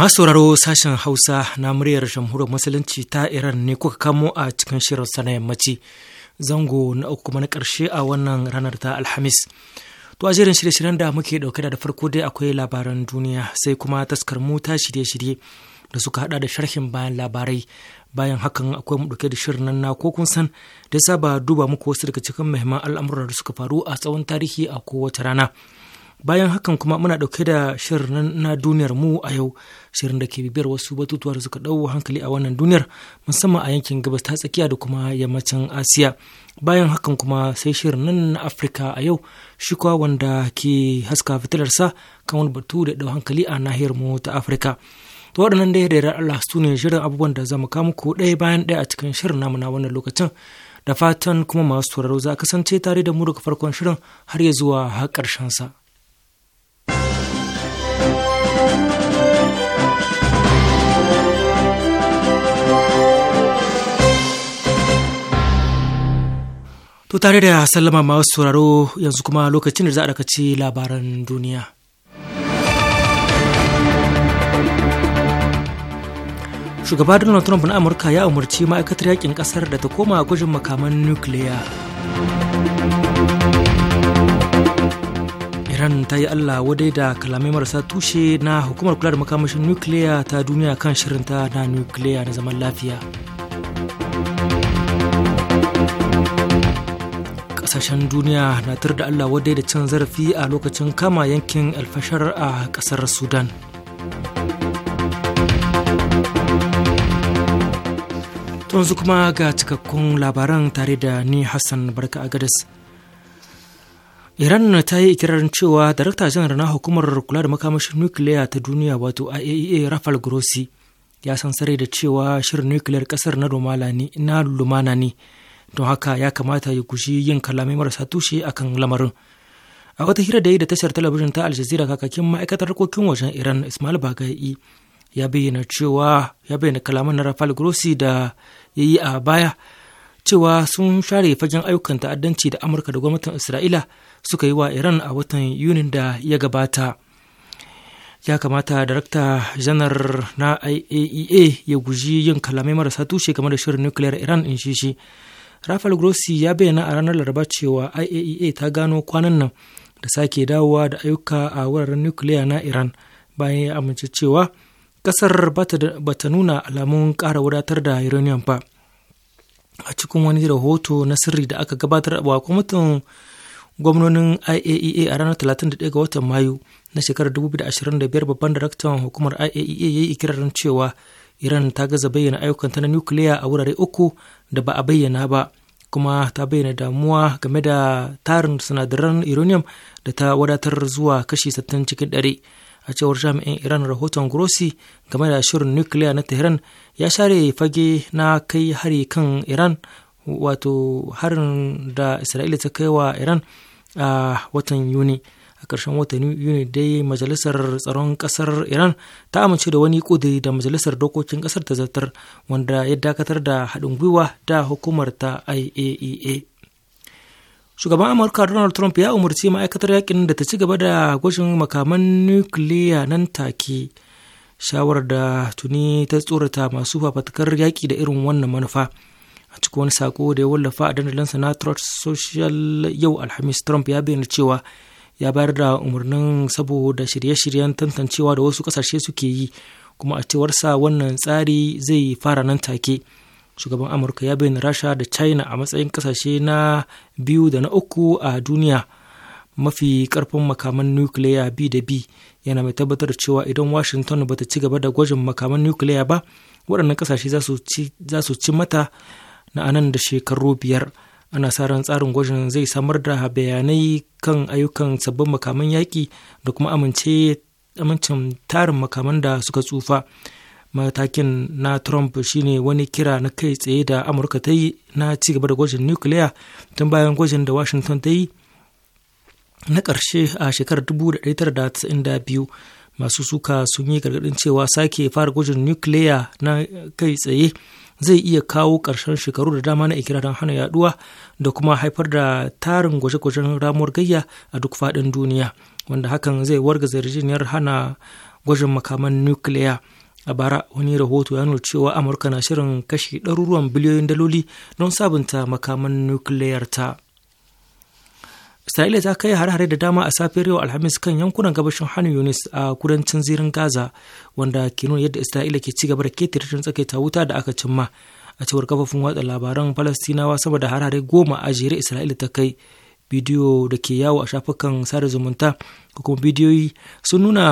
Masu sauraro sashen Hausa na muryar jamhuriyar Musulunci ta Iran ne kuka kamo a cikin shirin sana yammaci zango na uku kuma na karshe a wannan ranar ta Alhamis. To a jerin shirye-shiryen da muke dauke da farko dai akwai labaran duniya sai kuma taskar muta shirye-shirye da suka hada da sharhin bayan labarai bayan hakan akwai mu ɗauke da shirin nan na ko kun san da ba duba muku wasu daga cikin muhimman al'amuran da suka faru a tsawon tarihi a kowace rana. bayan hakan kuma muna ɗauke da shirin na duniyar mu a yau shirin da ke bibiyar wasu batutuwa da suka ɗau hankali a wannan duniyar musamman a yankin gabas ta tsakiya da kuma yammacin asiya bayan hakan kuma sai shirin nan na afirka a yau shi kuwa wanda ke haska fitilarsa kan wani batu da ɗau hankali a nahiyar mu ta afirka to waɗannan dai da Allah su ne shirin abubuwan da za mu kawo muku ɗaya bayan ɗaya a cikin shirin namu na wannan lokacin da fatan kuma masu tauraro za kasance tare da mu daga farkon shirin har ya zuwa har ƙarshen sa. To tare da sallama masu sauraro yanzu kuma lokacin da za a dakaci labaran duniya. Shugaba Donald Trump na Amurka ya umarci ma'aikatar yakin kasar da ta koma gwajin makaman nukiliya. Iran ta yi Allah wadai da kalamai marasa tushe na hukumar kula da makamashin nukiliya ta duniya kan shirinta na nukiliya na zaman lafiya. kasashen duniya na tar da allah wadai da cin zarafi a lokacin kama yankin alfashar a kasar sudan yanzu kuma ga cikakkun labaran tare da ni hassan barka agadis. iran ta yi ikirarin cewa darakta janar na hukumar kula da makamashin nukiliya ta duniya wato iaea rafal grossi ya san da cewa shirin nukiliyar kasar na lumana ne don haka ya kamata ya guji yin kalamai marasa tushe akan lamarin a wata hira da yi da tashar talabijin ta aljazira kakakin ma'aikatar harkokin wajen iran ismail bagai ya bayyana cewa ya bayyana kalaman na rafal grossi da ya yi a baya cewa sun share fagen ayyukan ta'addanci da amurka da gwamnatin isra'ila suka yi wa iran a watan yunin da ya gabata ya kamata darakta janar na iaea e ya guji yin kalamai marasa tushe game da shirin nukiliyar iran in shi shi rafael grossi ya bayyana a ranar laraba cewa iaea e ta gano kwanan nan da sake dawowa da ayyuka a wuraren nukiliya na iran bayan ya amince cewa kasar ba ta nuna alamun ƙara wadatar da uranium ba a cikin wani rahoto na sirri da aka gabatar a kwamitin gwamnonin iaea e a ranar 31 ga watan mayu na shekarar 2025 babban daraktan hukumar iaea e ya yi ikirarin cewa iran ta gaza bayyana ayyukanta na nukiliya a wurare uku da ba a bayyana ba kuma ta bayyana damuwa game da tarin sinadaran uranium da ta wadatar zuwa kashi 60 cikin ɗari a cewar jami'in iran rahoton grossi game da shirin nukiliya na tehran ya share fage na kai hari kan iran wato harin da isra'ila ta kai wa iran a watan yuni a ƙarshen watan yuni dai majalisar tsaron ƙasar iran ta amince da wani ƙudiri da majalisar dokokin ƙasar ta zartar wanda ya dakatar da haɗin gwiwa da hukumar ta iaea e shugaban amurka donald trump ya umarci ma'aikatar yakin da ta ci gaba da gwajin makaman nukiliya nan take shawarar da tuni ta tsorata masu fafatakar yaƙi da irin wannan manufa a cikin wani sako da ya wallafa a dandalin na social yau alhamis trump ya bayyana cewa ya bayar da umarnin saboda shirye-shiryen tantancewa da wasu kasashe suke yi kuma a cewarsa wannan tsari zai fara nan take shugaban amurka ya bayyana rasha da china a matsayin kasashe na biyu da na uku a duniya mafi karfin makaman nukiliya bi da bi yana mai tabbatar cewa idan washington bata ci gaba da gwajin makaman nukiliya ba waɗannan kasashe za su ci mata na anan da shekaru biyar ana sa tsarin gwajin zai samar da bayanai kan ayyukan sabbin makaman yaƙi da kuma amince amincin tarin makaman da suka tsufa matakin na trump shine wani kira na kai tsaye da amurka ta yi na cigaba da gwajin nukiliya tun bayan gwajin da washington ta yi na karshe a shekarar 1992 masu suka sun yi gargaɗin cewa sake fara gwajin nukiliya na kai tsaye zai iya kawo ƙarshen shekaru da dama na ikirarin hana yaduwa da kuma haifar da tarin gwaje-gwajen ramuwar gayya a duk faɗin duniya wanda hakan zai warga yarjejeniyar hana gwajin makaman nukiliya a bara wani rahoto ya nuna cewa amurka na shirin kashe ɗaruruwan biliyoyin daloli don sabunta makaman nukiliyar ta. Isra'ila ta kai har-hare da dama a safiyar yau Alhamis kan yankunan gabashin Hannu Yunis a kudancin zirin Gaza wanda ke nuna yadda Isra'ila ke ci gaba da ketare tsakaita wuta da aka cimma. A cewar kafafun watsa labaran Falastinawa sama da har-hare goma a jere Isra'ila ta kai bidiyo da ke yawo a shafukan sada zumunta ko kuma bidiyoyi sun nuna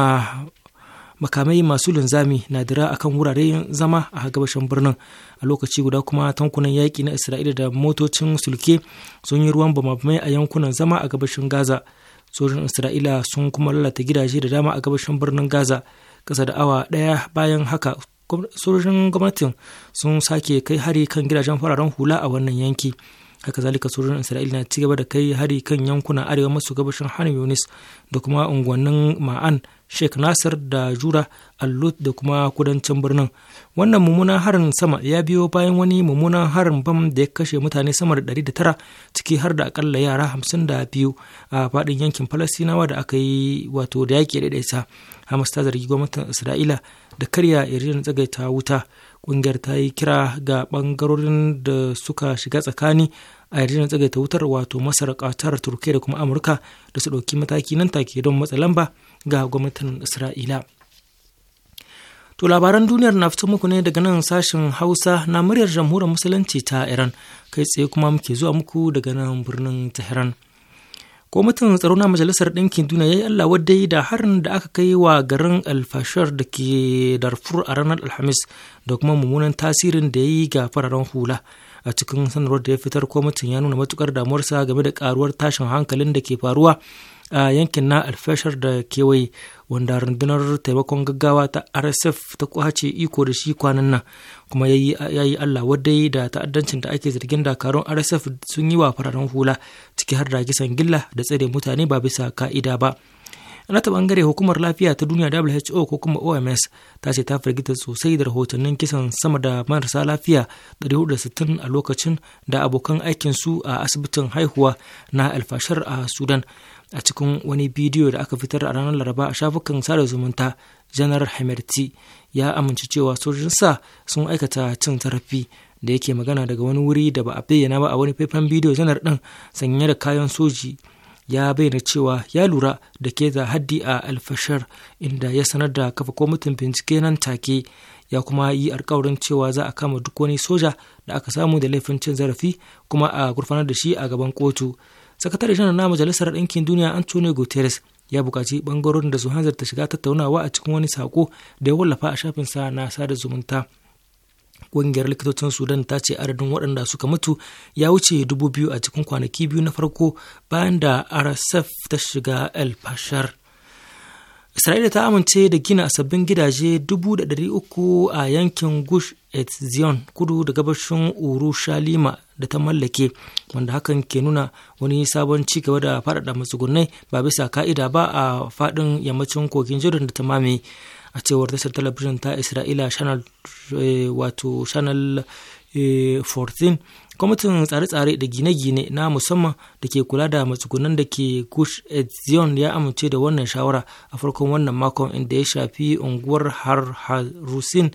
makamai masu linzami na dira a kan wuraren zama a gabashin birnin a lokaci guda kuma tankunan yaƙi na isra'ila da motocin sulke sun yi ruwan bamabamai a yankunan zama a gabashin gaza sojin isra'ila sun kuma lalata gidaje da dama a gabashin birnin gaza kasa da awa ɗaya bayan haka sojin gwamnatin sun sake kai hari kan gidajen fararen hula a wannan yanki haka zalika sojojin isra'ila na cigaba da kai hari kan yankunan arewa maso gabashin hannun yunis da kuma unguwannin ma'an sheikh nasir da jura allut da kuma kudancin birnin wannan mummunan harin sama ya biyo bayan wani mummunan harin bam da ya kashe mutane sama da da tara ciki har da akalla yara hamsin da biyu a faɗin yankin falastinawa da aka yi wato da yaƙi da hamas ta zargi gwamnatin isra'ila da karya yarjejeniyar tsagaita wuta kungiyar ta yi kira ga bangarorin da suka shiga tsakani a yarjejeniyar tsagaita wutar wato masar katar turkiyya da kuma amurka da su ɗauki mataki nan take don matsa lamba ga gwamnatin isra'ila to labaran duniyar na fito muku ne daga nan sashen hausa na muryar jamhuriyar musulunci ta iran kai tsaye kuma muke zuwa muku daga nan birnin tehran kwamitin tsaro na majalisar ɗinkin duniya ya yi allah wadai da harin da aka kai wa garin alfashar da ke darfur a ranar alhamis da kuma mummunan tasirin da ya yi ga fararen hula a cikin sanarwar da ya fitar kwamitin ya nuna matukar sa game da karuwar tashin hankalin da ke faruwa a yankin na alfashar da kewaye wanda rundunar taimakon gaggawa ta rsf ta kwace iko da shi kwanan nan kuma ya yi allah wadai da ta'addancin da ake zargin dakarun rsf sun yi wa fararen hula ciki har da gisan gilla da tsare mutane ba bisa ka'ida ba na ta bangare hukumar lafiya ta duniya who ko kuma oms ta ce ta firgita sosai da rahotannin kisan sama da marasa lafiya 460 a lokacin da abokan aikin su a asibitin haihuwa na alfashar a sudan a cikin wani bidiyo da aka fitar a ranar laraba a shafukan sada zumunta janar hamerti ya amince cewa sojojinsa sun aikata cin zarafi da yake magana daga wani wuri da ba a bayyana ba a wani faifan bidiyo janar ɗin sanye da kayan soji ya bayyana cewa ya lura da ke da haddi a alfashar inda ya sanar da kafa kwamitin bincike nan take ya kuma yi alkawarin cewa za a kama duk wani soja da aka samu da laifin cin zarafi kuma a gurfanar da shi a gaban kotu sakatare janar na majalisar ɗinkin duniya antonio guterres ya buƙaci ɓangarorin da su hanzarta shiga tattaunawa a cikin wani sako da ya wallafa a shafinsa na sada zumunta ƙungiyar likitocin sudan ta ce adadin waɗanda suka mutu ya wuce dubu biyu a cikin kwanaki biyu na farko bayan da rsf ta shiga el fashar Isra'ila ta amince da gina sabbin gidaje 300,000 a yankin Gush Etzion kudu da gabashin Urushalima da ta mallake, wanda hakan ke nuna wani sabon ci gaba da faɗaɗa matsugunai ba bisa ka'ida ba a faɗin yammacin kogin Jordan da ta mame. A cewar tashar talabijin ta Isra'ila Channel 14 eh, kwamitin tsare-tsare da gine-gine na musamman da ke kula da matsugunan da ke kush etzion ya amince da wannan shawara a farkon wannan makon inda ya shafi unguwar har harusin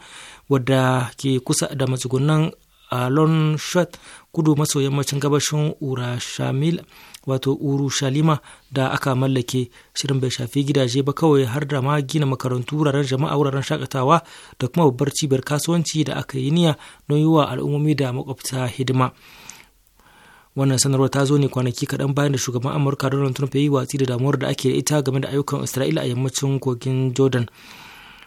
wadda ke kusa da matsugunan alonshot kudu maso yammacin gabashin urashamil wato urushalima da aka mallake shirin bai shafi gidaje ba kawai har da ma gina makarantu wuraren jama'a wuraren shakatawa da kuma babbar cibiyar kasuwanci da aka yi niyya don yi wa al'ummomi da makwabta hidima wannan sanarwar ta zo ne kwanaki kaɗan bayan da shugaban amurka donald trump ya yi watsi da damuwar da ake da ita game da ayyukan isra'ila a yammacin kogin jordan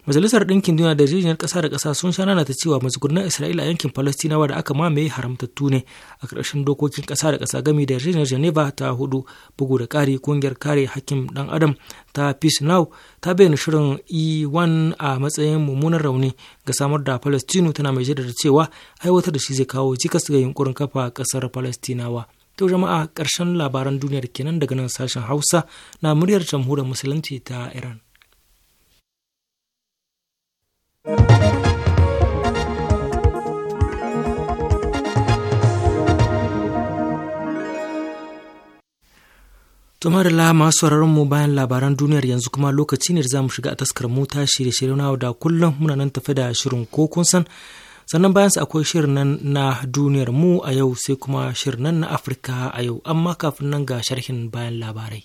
majalisar ɗinkin duniya da jirgin ƙasa da ƙasa sun sha ta cewa matsugunan isra'ila a yankin falastinawa da aka mamaye haramtattu ne a ƙarshen dokokin ƙasa da ƙasa gami da jijiyar geneva ta hudu bugu da ƙari ƙungiyar kare hakkin ɗan adam ta peace now ta bayyana shirin e1 a matsayin mummunan rauni ga samar da falastinu tana mai jaddada cewa aiwatar da shi zai kawo cikas ga yunkurin kafa ƙasar falastinawa to jama'a ƙarshen labaran duniyar kenan daga nan sashen hausa na muryar jamhuriyar musulunci ta iran da la masu mu bayan labaran duniyar yanzu kuma lokaci ne da za mu shiga a taskar mota shirye-shirye na da kullum muna nan tafi da shirin ko kun san sannan bayan su akwai shirin nan na duniyar mu a yau sai kuma shirin nan na Afirka a yau amma kafin nan ga sharhin bayan labarai.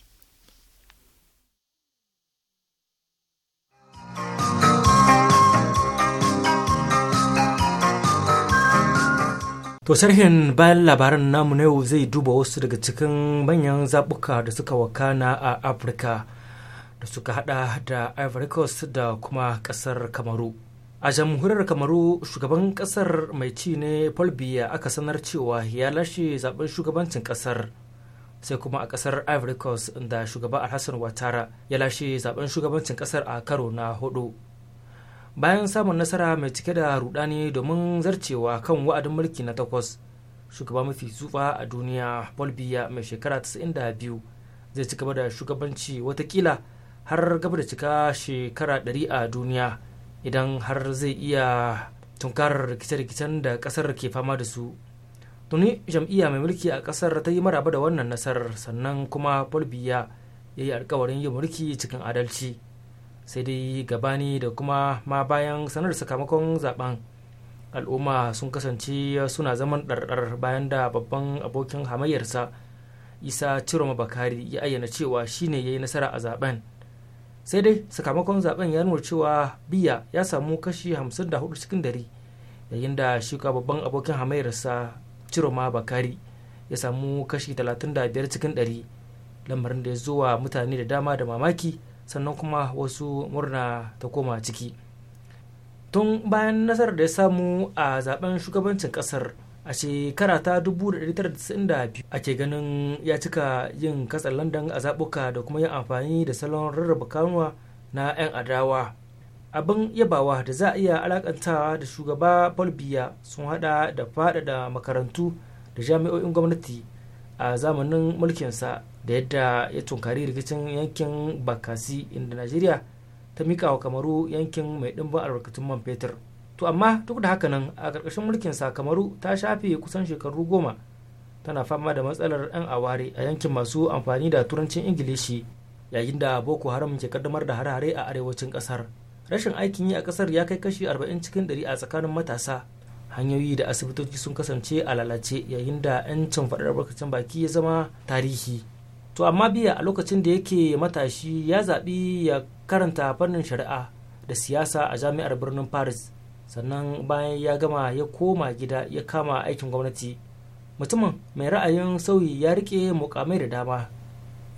To sarhin bayan labaran namu na yau zai duba wasu daga cikin manyan zaɓuka da suka wakana a Afirka da suka hada da Ivory Coast da kuma ƙasar Kamaru. A jamhuriyar Kamaru shugaban ƙasar mai ci ne Paul Biya aka sanar cewa ya lashe zaben shugabancin ƙasar. sai kuma a ƙasar Ivory Coast da shugaba Alhassan Watara ya lashe zaben shugabancin ƙasar a karo na hudu. bayan samun nasara mai cike da rudani domin zarcewa kan wa'adin mulki na takwas shugaba mafi zufa a duniya bolbiya mai shekara 92 zai ci gaba da shugabanci watakila har gaba da cika shekara 100 a duniya idan har zai iya tunkar rikice-rikicen da kasar ke fama da su tuni jam'iyya mai mulki a kasar ta yi maraba da wannan nasarar sannan kuma bolbiya ya yi alkawarin yin mulki cikin adalci sai dai gabani da kuma ma bayan sanar sakamakon zaben al'umma sun kasance suna zaman ɗarɗar bayan da babban abokin hamayyarsa isa ciroma bakari ya ayyana cewa shine ya yi nasara a zaben sai dai sakamakon zaben ya nuna cewa biya ya samu kashi 54 cikin dari yayin da shi babban abokin hamayyarsa ciroma bakari ya samu kashi 35 cikin dari lamarin da ya zuwa mutane da dama da mamaki sannan kuma wasu murna ta koma ciki tun bayan nasarar da ya samu a zaben shugabancin kasar a shekara ta 1992 ake ganin ya cika yin kasar london a zaɓuka da kuma yin amfani da salon rarraba kanuwa na 'yan adawa abin yabawa da za a iya alakantawa da shugaba paul sun hada da faɗaɗa makarantu da jami'o'in gwamnati a zamanin mulkinsa da yadda ya tunkari rikicin yankin bakasi inda najeriya ta mika wa kamaru yankin mai ɗimbin albarkatun man fetur to amma duk da haka nan a ƙarƙashin mulkin sa kamaru ta shafe kusan shekaru goma tana fama da matsalar 'yan aware a yankin masu amfani da turancin ingilishi yayin da boko haram ke kaddamar da hare-hare a arewacin ƙasar rashin aikin yi a ƙasar ya kai kashi 40 cikin 100 a tsakanin matasa hanyoyi da asibitoci sun kasance a lalace yayin da 'yancin faɗar albarkacin baki ya zama tarihi to amma biya a lokacin da yake matashi ya zaɓi ya karanta fannin shari'a da siyasa a jami'ar birnin paris sannan bayan ya gama ya koma gida ya kama aikin gwamnati mutumin mai ra'ayin sauyi ya rike mukamai da dama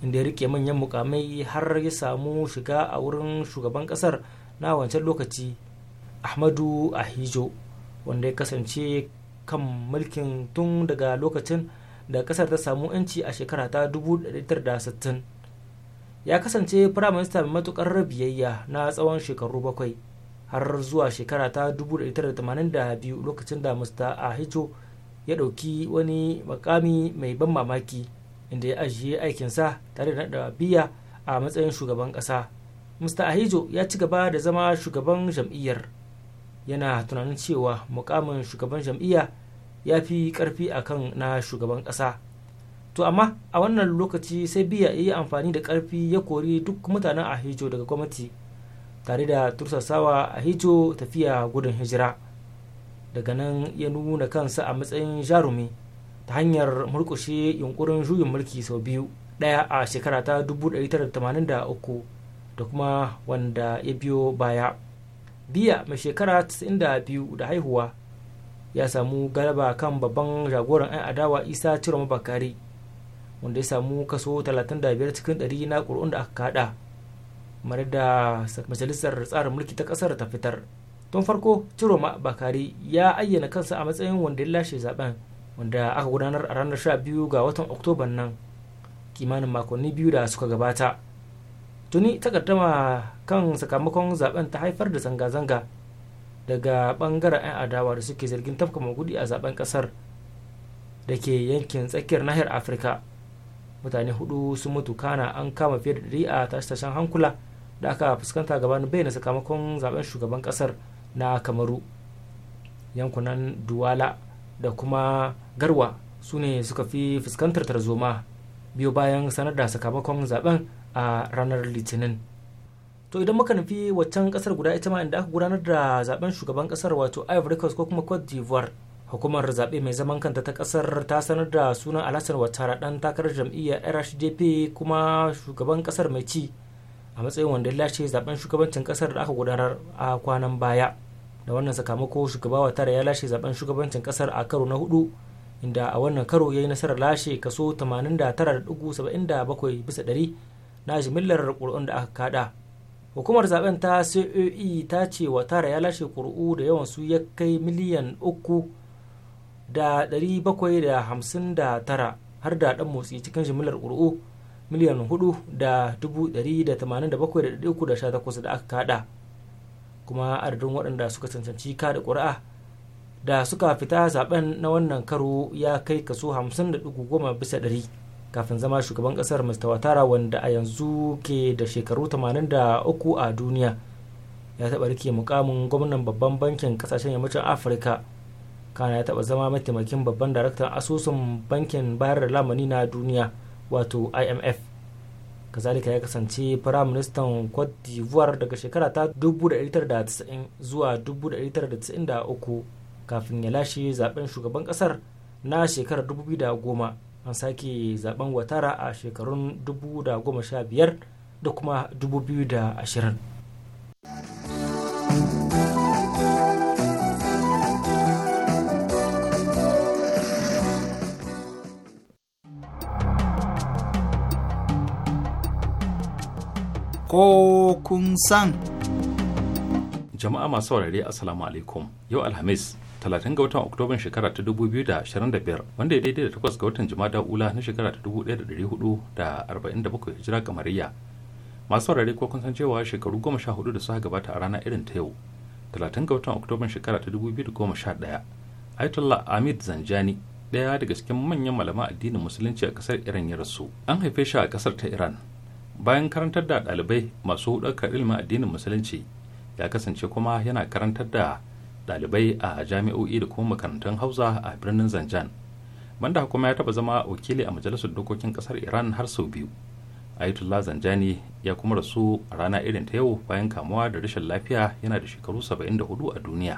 inda ya rike manyan mukamai har ya samu shiga a wurin shugaban kasar na wancan lokaci ahmadu ahijo wanda ya kasance kan mulkin tun daga lokacin da kasar ta samu 'yanci a shekara ta 1960 ya kasance firaminista mai matukar biyayya na tsawon shekaru bakwai har zuwa shekara ta 1982 lokacin da mr ahijo ya ɗauki wani makami mai ban mamaki inda ya ajiye aikinsa tare da ɗabi'a biya a matsayin shugaban ƙasa mr ahijo ya ci gaba da zama shugaban jam'iyyar yana tunanin cewa mukamin shugaban jam'iyya ya fi karfi kan na shugaban ƙasa to amma a wannan lokaci sai biya yi amfani da karfi ya kori duk mutanen a ahijo daga gwamnati tare da tursasawa a ahijo tafiya gudun hijira daga nan ya nuna kansa a matsayin jarumi ta hanyar murkushe yunkurin juyin mulki sau biyu daya a shekara ta 1983 da kuma wanda ya biyo baya biya mai shekara 92 da haihuwa ya samu galaba kan babban jagoran 'yan adawa isa ciro bakari wanda ya samu kaso 35 cikin 100 na ƙuri'un da aka kada mare da majalisar tsarin mulki ta ƙasar ta fitar tun farko ciro bakari ya ayyana kansa a matsayin wanda ya lashe zaben wanda aka gudanar a ranar 12 ga watan oktoban nan kimanin makonni biyu da suka gabata tuni takaddama kan sakamakon zaben ta haifar da zanga-zanga daga bangaren 'yan adawa da suke zargin tafka magudi a zaben kasar da ke yankin tsakiyar nahiyar afirka mutane hudu sun mutu kana an kama fiye da dari a tashe-tashen hankula da aka fuskanta gabanin bayyana sakamakon zaben shugaban kasar na kamaru yankunan duwala da kuma garwa su ne suka fi fuskantar tarzoma biyu bayan sanar da sakamakon zaben a ranar litinin to idan muka nufi waccan kasar guda ita ma inda aka gudanar da zaben shugaban kasar wato ivory coast ko kuma cote d'ivoire hukumar zaɓe mai zaman kanta ta kasar ta sanar da sunan alhassan watara ɗan takarar jam'iyyar rsdp kuma shugaban kasar mai ci a matsayin wanda ya lashe zaben shugabancin ƙasar da aka gudanar a kwanan baya da wannan sakamako shugaba watara ya lashe zaben shugabancin kasar a karo na hudu inda a wannan karo ya yi nasarar lashe kaso 89.77 bisa ɗari na jimillar ƙuri'un da aka kada hukumar zaben ta coe ta ce watara ya lashe kur’u da yawan su ya kai miliyan uku da ɗari bakwai da hamsin da tara har da ɗan motsi cikin jimillar kur’u miliyan hudu da dubu ɗari da tamanin da bakwai da ɗari uku da sha takwas da aka kada kuma adadin waɗanda suka cancanci kada ƙuri'a da suka fita zaben na wannan karo ya kai kaso hamsin da ɗigo goma bisa ɗari kafin zama shugaban kasar mr watara wanda a yanzu ke da shekaru 83 a duniya ya taba rike mukamin gwamnan babban bankin kasashen yammacin afirka kana ya taba zama mataimakin babban daraktan asusun bankin bayar da lamani na duniya wato imf kazalika ya kasance firaministan cote d'ivoire daga shekara ta 1990 zuwa 1993 kafin ya lashe zaben shugaban kasar na shekarar 2010 an sake zaben watara a shekarun 2015 da kuma 2020 ko kun san jama'a masu saurare assalamu alaikum yau alhamis 30 ga watan oktoban shekara ta 2025 wanda ya daidai da 8 ga watan jumada ula na shekara ta 1447 hijira kamariya masu saurare ko kun san cewa shekaru 14 da suka gabata a rana irin ta yau 30 ga watan oktoban shekara ta 2011 Aitullah Amid Zanjani daya daga cikin manyan malaman addinin musulunci a kasar Iran ya rasu an haife shi a kasar ta Iran bayan karantar da ɗalibai masu hudakar ilimin addinin musulunci ya kasance kuma yana karantar da dalibai a jami'o'i da kuma makarantun hausa a birnin zanjan banda kuma ya taba zama wakili a majalisar dokokin kasar iran har sau biyu ayatollah zanjani ya kuma rasu a rana irin ta yau bayan kamuwa da rashin lafiya yana da shekaru 74 a duniya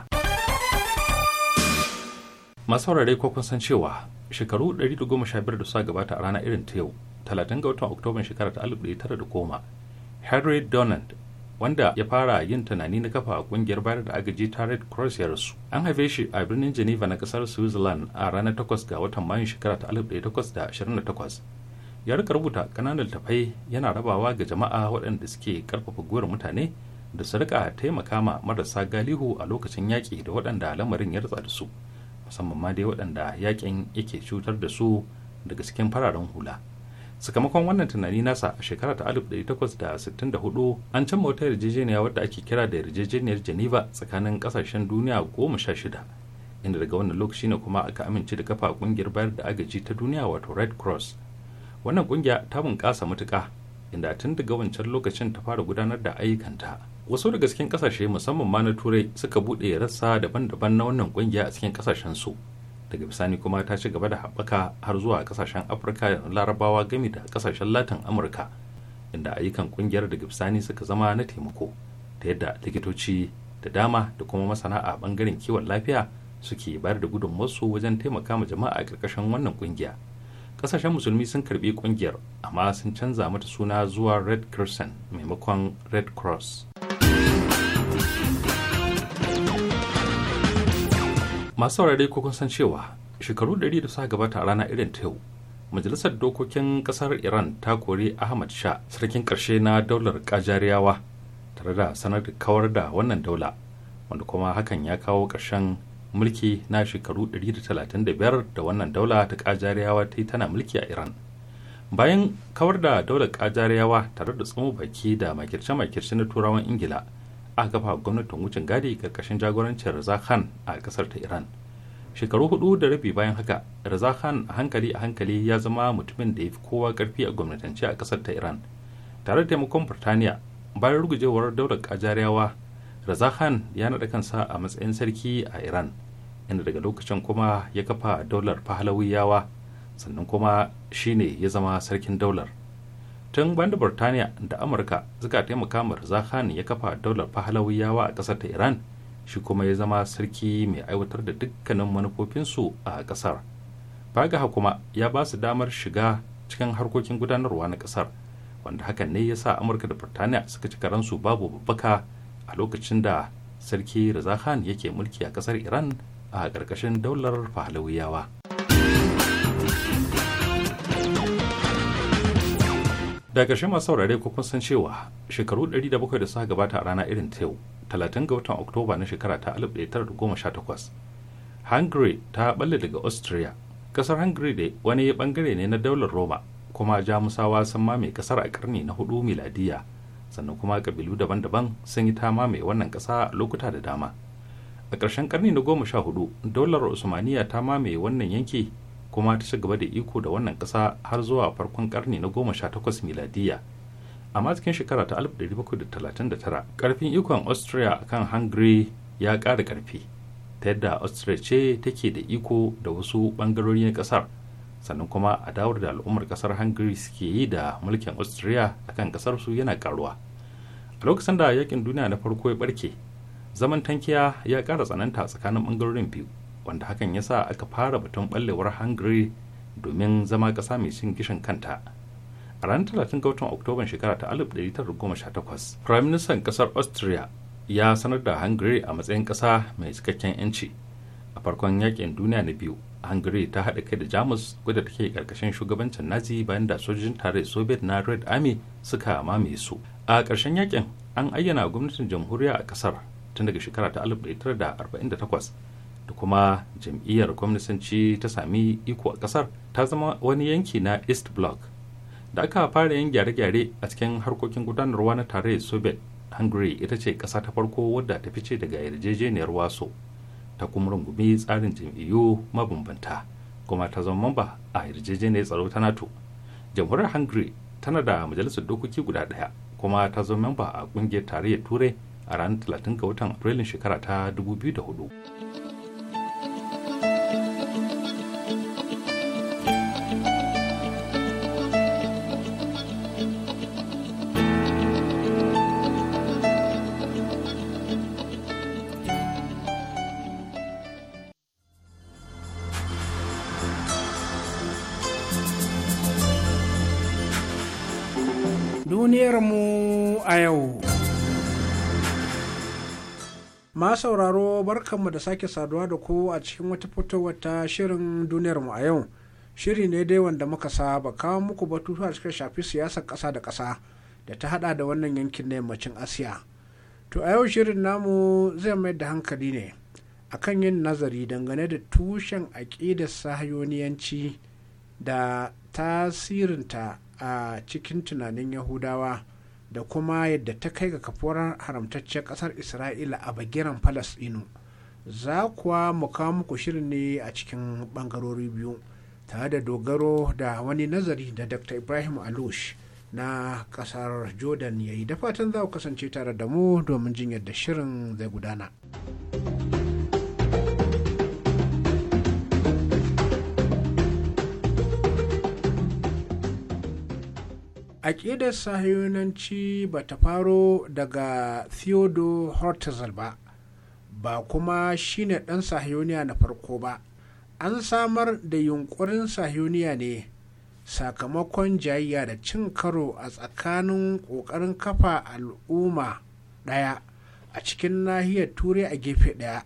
masu saurare ko kun san cewa shekaru 115 da suka gabata a rana irin ta yau 30 ga watan oktoba shekarar 1910 henry donald wanda ya fara yin tunani na kafa a kungiyar bayar da agaji ta red cross yarsu. an haife shi a birnin geneva na kasar switzerland a ranar 8 ga watan mayu shekara ta 1828 ya rika rubuta kananan tafai yana rabawa ga jama'a waɗanda suke karfafa gwiwar mutane da su rika taimaka ma marasa galihu a lokacin yaƙi da waɗanda lamarin ya da su musamman ma dai waɗanda yaƙin yake cutar da su daga cikin fararen hula. sakamakon wannan tunani nasa a shekara ta 1864 an canza wata yarjejeniya wadda ake kira da yarjejeniyar geneva tsakanin kasashen duniya goma sha shida inda daga wannan lokaci ne kuma aka amince da kafa kungiyar bayar da agaji ta duniya wato red cross wannan kungiya ta bunƙasa matuka, inda tun daga wancan lokacin ta fara gudanar da ayyukanta wasu daga cikin kasashe musamman ma na turai suka buɗe rassa daban-daban na wannan kungiya a cikin kasashen su daga bisani kuma ta ci gaba da haɓaka har zuwa kasashen afirka da larabawa gami da kasashen latin amurka inda ayyukan kungiyar daga bisani suka zama na taimako ta yadda likitoci da dama da kuma masana a bangaren kiwon lafiya suke bayar da gudunmawarsu wajen taimaka ma jama'a a ƙarƙashin wannan kungiya kasashen musulmi sun karbi kungiyar amma sun canza mata suna zuwa red crescent maimakon red cross masu saurari ko kun san cewa shekaru 100 da suka gabata a rana irin ta yau majalisar dokokin kasar iran ta kori ahmad sha sarkin karshe na daular kajariyawa tare da sanar da kawar da wannan daula wanda kuma hakan ya kawo ƙarshen mulki na shekaru 135 da wannan daula ta kajariyawa ta yi tana mulki a iran bayan kawar da daular kajariyawa tare da tsumo baki da makirce-makirce na turawan ingila a kafa gwamnatin wucin gadi karkashin jagorancin Raza Khan a kasar ta Iran. Shekaru hudu da rabi bayan haka, Raza Khan a hankali a hankali ya zama mutumin da ya fi kowa karfi a gwamnatance a kasar ta Iran. Tare da taimakon Burtaniya, bayan rugujewar daular kajariyawa, Raza Khan ya naɗa kansa a matsayin sarki a Iran, inda daga lokacin kuma ya kafa daular Pahlawiyawa, sannan kuma shine ya zama sarkin daular. tun bayan da burtaniya da amurka suka taimaka ma rza ya kafa daular fahalawiyawa a ƙasar ta iran shi kuma ya zama sarki mai aiwatar da dukkanin manufofinsu a kasar bagaha kuma ya ba su damar shiga cikin harkokin gudanarwa na ƙasar wanda hakan ne ya sa amurka da burtaniya suka ci karansu babu babbaka a lokacin da sarki raza khan yake mulki a ƙasar iran a ƙarƙashin daular pahlawiyawa da ƙarshe masu saurare ko kun san cewa shekaru 107 da suka gabata a rana irin ta yau 30 ga watan oktoba na shekara ta 1918 hungary ta balle daga austria ƙasar hungary da wani bangare ne na daular roma kuma jamusawa sun mamaye ƙasar a karni na hudu miladiya sannan kuma kabilu daban-daban sun yi ta mamaye wannan ƙasa lokuta da dama a ƙarshen karni na goma sha hudu daular usmaniya ta mamaye wannan yanki kuma ta ci gaba da iko da wannan ƙasa har zuwa farkon karni na goma sha takwas miladiya amma cikin shekara ta 1739 karfin ikon austria kan hungary ya ƙara ƙarfi ta yadda austria ce take da iko da wasu ɓangarori na ƙasar sannan kuma a dawar da al'ummar ƙasar hungary suke yi da mulkin austria a kan ƙasarsu yana ƙaruwa a lokacin da yakin duniya na farko ya ɓarke zaman tankiya ya ƙara tsananta tsakanin ɓangarorin biyu wanda hakan ya sa aka fara batun ɓallewar hungary domin zama ƙasa mai cin gishin kanta a ranar 30 ga watan oktoban shekara ta 1918 prime minister ƙasar austria ya sanar da hungary a matsayin ƙasa mai cikakken 'yanci a farkon yakin duniya na biyu hungary ta haɗa kai da jamus wadda take ƙarƙashin shugabancin nazi bayan da sojojin tare soviet na red army suka mamaye su a ƙarshen yakin an ayyana gwamnatin jamhuriya a ƙasar tun daga shekara ta 1948 da kuma jam'iyyar gwamnatanci ta sami iko a kasar ta zama wani yanki na east block da aka fara yin gyare-gyare a cikin harkokin gudanarwa na tarayyar soviet hungary ita ce ƙasa ta farko wadda ta fice daga yarjejeniyar waso ta kuma rungumi tsarin jam'iyyu mabambanta kuma ta zama mamba a yarjejeniyar tsaro ta nato jamhuriyar hungary tana da majalisar dokoki guda ɗaya kuma ta zama mamba a ƙungiyar tarayyar turai a ranar 30 ga watan afrilun shekara ta 2004 ma sauraro barkanmu da sake saduwa da ku a cikin wata fitowar ta shirin duniyar mu a yau shiri ne dai wanda muka saba kawo muku batutuwa cikin shafi siyasar kasa da kasa da ta hada da wannan yankin na yammacin asiya to a yau shirin namu zai mai da hankali ne akan yin nazari dangane da tushen aƙidar sahayoniyanci da tasirinta a cikin tunanin yahudawa da kuma yadda ta kai ga kafuwar haramtaccen ƙasar isra'ila a bagiran falasɗinu za kuwa mu kawo muku shirin ne a cikin ɓangarori biyu tare da dogaro da wani nazari da dr ibrahim alush na ƙasar jordan ya yi da fatan za ku kasance tare da mu domin jin yadda shirin zai gudana. aƙidar sahiyonanci ba ta faro daga theodore hortzel ba ba kuma shine ɗan sahiyoniya na farko ba an samar da yunkurin sahiyoniya ne sakamakon jayayya da cin karo a tsakanin ƙoƙarin kafa al'umma ɗaya a cikin nahiyar turai a gefe ɗaya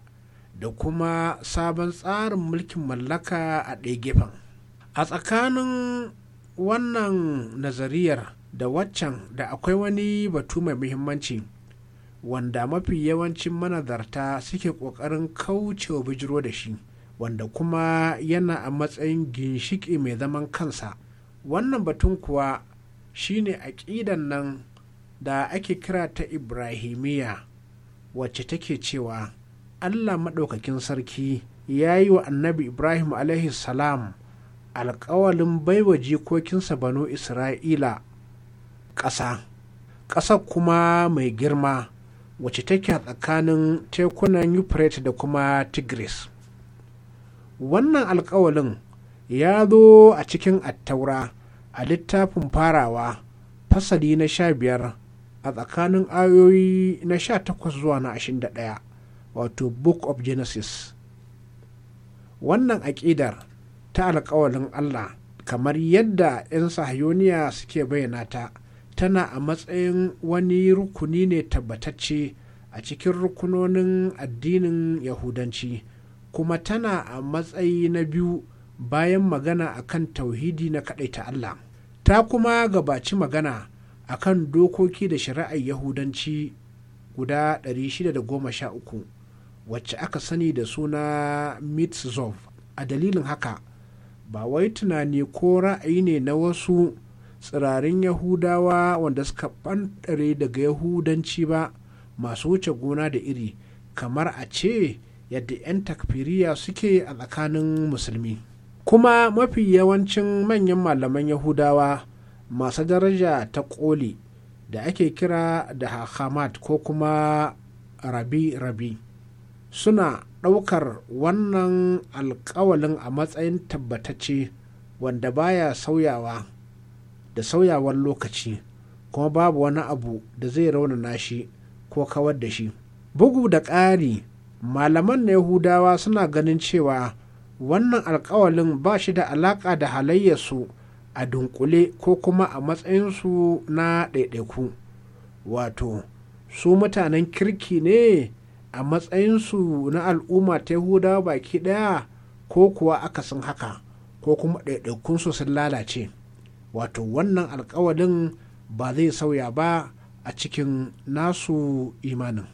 da kuma sabon tsarin mulkin mallaka a ɗaya gefen a tsakanin wannan nazariyar da waccan da akwai wani batu mai muhimmanci wanda mafi yawancin manazarta suke ƙoƙarin kaucewa bijiro da shi wanda kuma yana a matsayin ginshiƙi mai zaman kansa wannan batun kuwa shine aƙidan nan da ake kira ta ibrahimiya wacce take cewa allah maɗaukakin sarki ya yi wa annabi ibrahim salam alkawalin baiwa jikokinsa banu isra'ila ƙasa ƙasa kuma mai girma wacce take a tsakanin tekunan euphrates da kuma tigris wannan alkawalin ya zo a cikin attaura a littafin farawa fasali na sha biyar a tsakanin ayoyi na sha takwas zuwa na ashirin da ɗaya wato book of genesis wannan aƙidar ta alkawalin Allah kamar yadda 'yan sahayoniya suke bayyana ta tana a matsayin wani rukuni ne tabbatacce a cikin rukunonin addinin yahudanci kuma tana a matsayi na biyu bayan magana akan tauhidi na ta Allah ta kuma gabaci magana akan dokoki da shari'ar yahudanci guda 613 wacce aka sani da suna mitzvot a dalilin haka ba wai tunani ko ra'ayi ne na wasu tsirarin yahudawa wanda suka ɓantare daga yahudanci ba masu wuce gona da iri kamar a ce yadda 'yan takfiriya suke a tsakanin musulmi kuma mafi yawancin manyan malaman yahudawa masu daraja ta koli da ake kira da hamad ko kuma rabi-rabi suna ɗaukar wannan alkawalin a matsayin tabbatacce wanda baya sauyawa da sauyawar lokaci kuma babu wani abu da zai raunana shi ko kawar da shi bugu da ƙari malaman na yahudawa suna ganin cewa wannan alkawalin ba shi da alaƙa da halayyarsu a dunkule ko kuma a matsayinsu na ɗaiɗaiku wato su mutanen kirki ne a matsayinsu na al'umma ta yahuda baki ɗaya ko kuwa aka akasin haka ko kuma su sun lalace wato wannan alkawalin ba zai sauya ba a cikin nasu imanin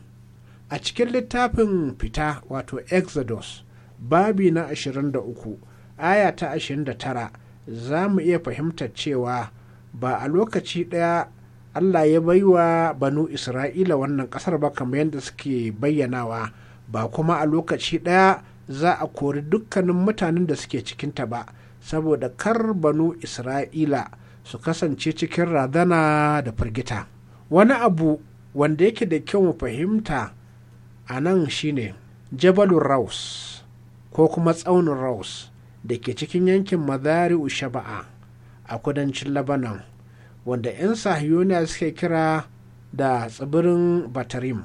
a cikin littafin fita wato exodus babi na 23 aya ta 29 za mu iya fahimtar cewa ba a lokaci ɗaya Allah ya baiwa banu Isra'ila wannan ƙasar ba kamar yadda suke bayyanawa ba kuma a lokaci ɗaya za a kori dukkanin mutanen da suke cikinta ba saboda kar banu Isra'ila su kasance cikin radana da firgita. Wani abu wanda yake da kyau mu fahimta a nan shine Jabalun Raus ko kuma tsaunin Raus da ke cikin yankin Madari'u Shaba'a a kudancin Lebanon. wanda 'yan sahiyoniya suke kira da tsibirin batarim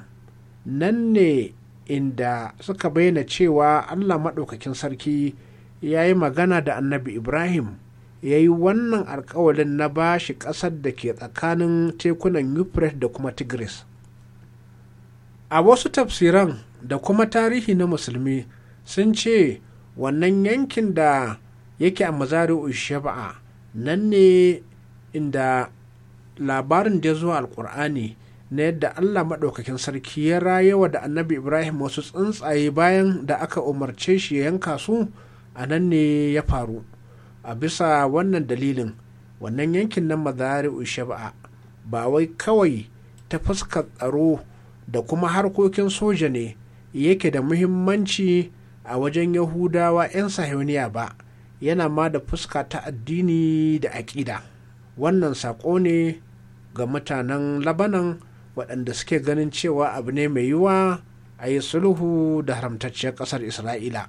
nan ne inda suka bayyana cewa allah maɗaukakin sarki ya yi magana da annabi ibrahim ya yi wannan alkawalin na ba shi ƙasar da ke tsakanin tekunan euphrates da kuma tigris a wasu tafsiran da kuma tarihi na musulmi sun ce wannan yankin da yake a mazari shaba'a nan ne inda labarin da ya zo alkur'ani na yadda allah maɗaukakin sarki ya rayuwa da annabi ibrahim wasu tsuntsaye bayan da aka umarce shi ya yanka su a nan ne ya faru a bisa wannan dalilin wannan yankin na mazari'u shab'a ba wai kawai ta fuskar tsaro da kuma harkokin soja ne yake da muhimmanci a wajen yahudawa 'yan sahiyoniya ba yana ma da fuska ta addini da aƙida. wannan saƙo ne ga mutanen labanan waɗanda suke ganin cewa abu ne mai yiwa a yi sulhu da haramtacciyar ƙasar isra'ila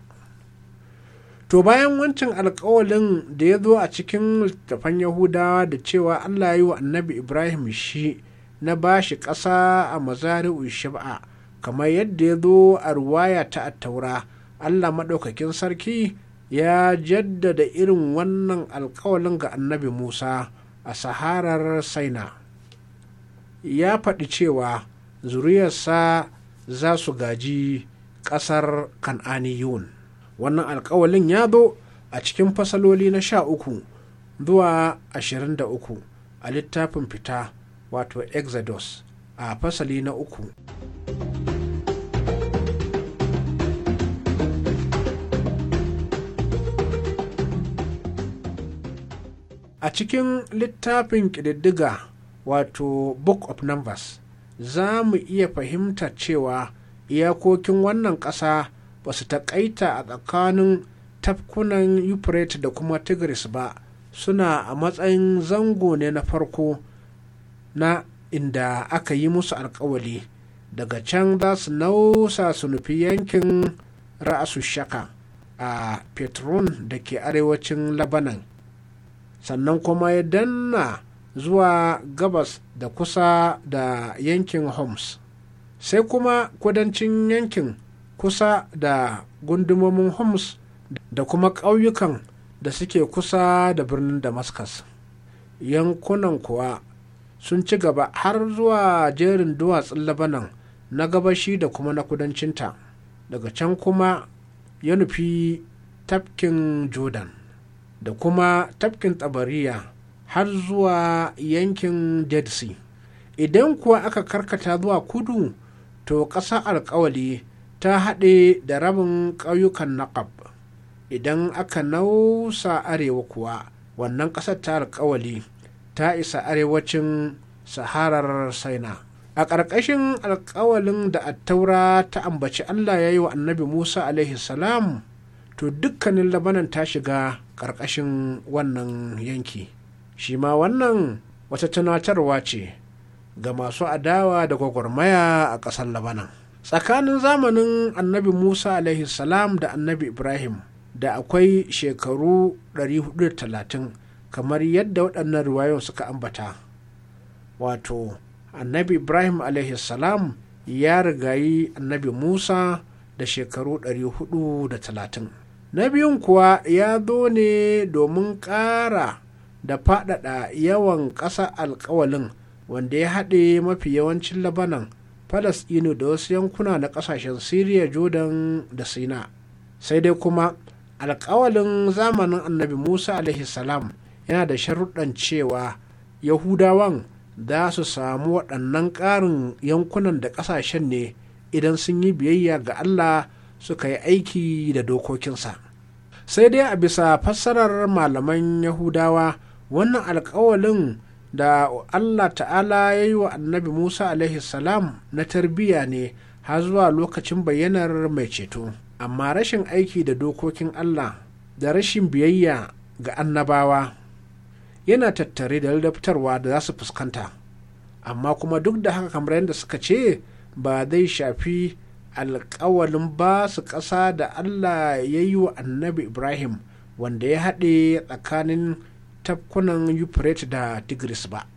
to bayan wancan alkawalin da ya zo a cikin littattafan yahudawa da cewa allah ya yi wa annabi ibrahim shi na ba shi ƙasa a mazari'u shab'a kamar yadda ya zo a ruwaya ta attaura allah maɗaukakin sarki ya jaddada irin wannan alkawalin ga annabi musa a saharar saina ya faɗi cewa zuriyarsa za su gaji ƙasar kan'aniyun wannan alkawalin ya zo a cikin fasaloli na sha uku zuwa ashirin da uku a littafin fita wato exodus a fasali na uku. a cikin littafin ƙididdiga wato book of numbers za mu iya fahimta cewa iyakokin wannan ƙasa ba su taƙaita a tsakanin tafkunan euphrates da kuma tigris ba suna a matsayin zango ne na farko na inda aka yi musu alkawali daga can za su nausa su nufi yankin ra'asu shaka a petron da ke arewacin labanan sannan kuma ya danna zuwa gabas da kusa da yankin homs sai kuma kudancin yankin kusa da gundumomin homs da kuma ƙauyukan da suke kusa da birnin damascus yankunan kuwa sun ci gaba har zuwa jerin duwatsun labanan na gabashi da kuma na kudancinta daga can kuma ya nufi tafkin jordan da kuma tafkin tsabariya har zuwa yankin dead sea idan kuwa aka karkata zuwa kudu to ƙasa alkawali ta haɗe da rabin ƙauyukan naƙab idan aka nausa arewa kuwa wannan ƙasar ta alkawali ta isa arewacin saharar saina a ƙarƙashin alkawalin da attaura ta ambaci allah ya yi wa annabi musa alaihi salam to dukkanin labanan ta shiga ƙarƙashin wannan yanki shi ma wannan wata tunatarwa ce ga masu adawa da gwagwarmaya a ƙasar labanan tsakanin zamanin annabi musa alaihi salam da annabi ibrahim da akwai shekaru 430 kamar yadda waɗannan riwayoyin suka ambata wato annabi ibrahim alaihi salam ya rigayi annabi musa da shekaru 430 na biyun kuwa ya zo ne domin ƙara da faɗaɗa yawan ƙasa alkawalin wanda ya haɗe mafi yawancin labanan falasɗinu da wasu yankuna na ƙasashen siriya jordan da sina sai dai kuma alkawalin zamanin annabi musa salam yana da sharuɗan cewa yahudawan za su samu waɗannan ƙarin yankunan da ƙasashen ne idan sun yi biyayya ga allah suka yi aiki da dokokinsa sai dai a bisa fassarar malaman yahudawa wannan alkawalin da allah ta'ala ya yi wa annabi musa salam na tarbiyya ne har zuwa lokacin bayyanar mai ceto amma rashin aiki da dokokin allah da rashin biyayya ga annabawa yana tattare da ladabtarwa da za su fuskanta amma kuma duk da haka kamar yadda suka ce ba zai shafi alkawalin ba su ƙasa da allah ya yi wa annabi ibrahim wanda ya haɗe tsakanin tafkunan euphrates da tigris ba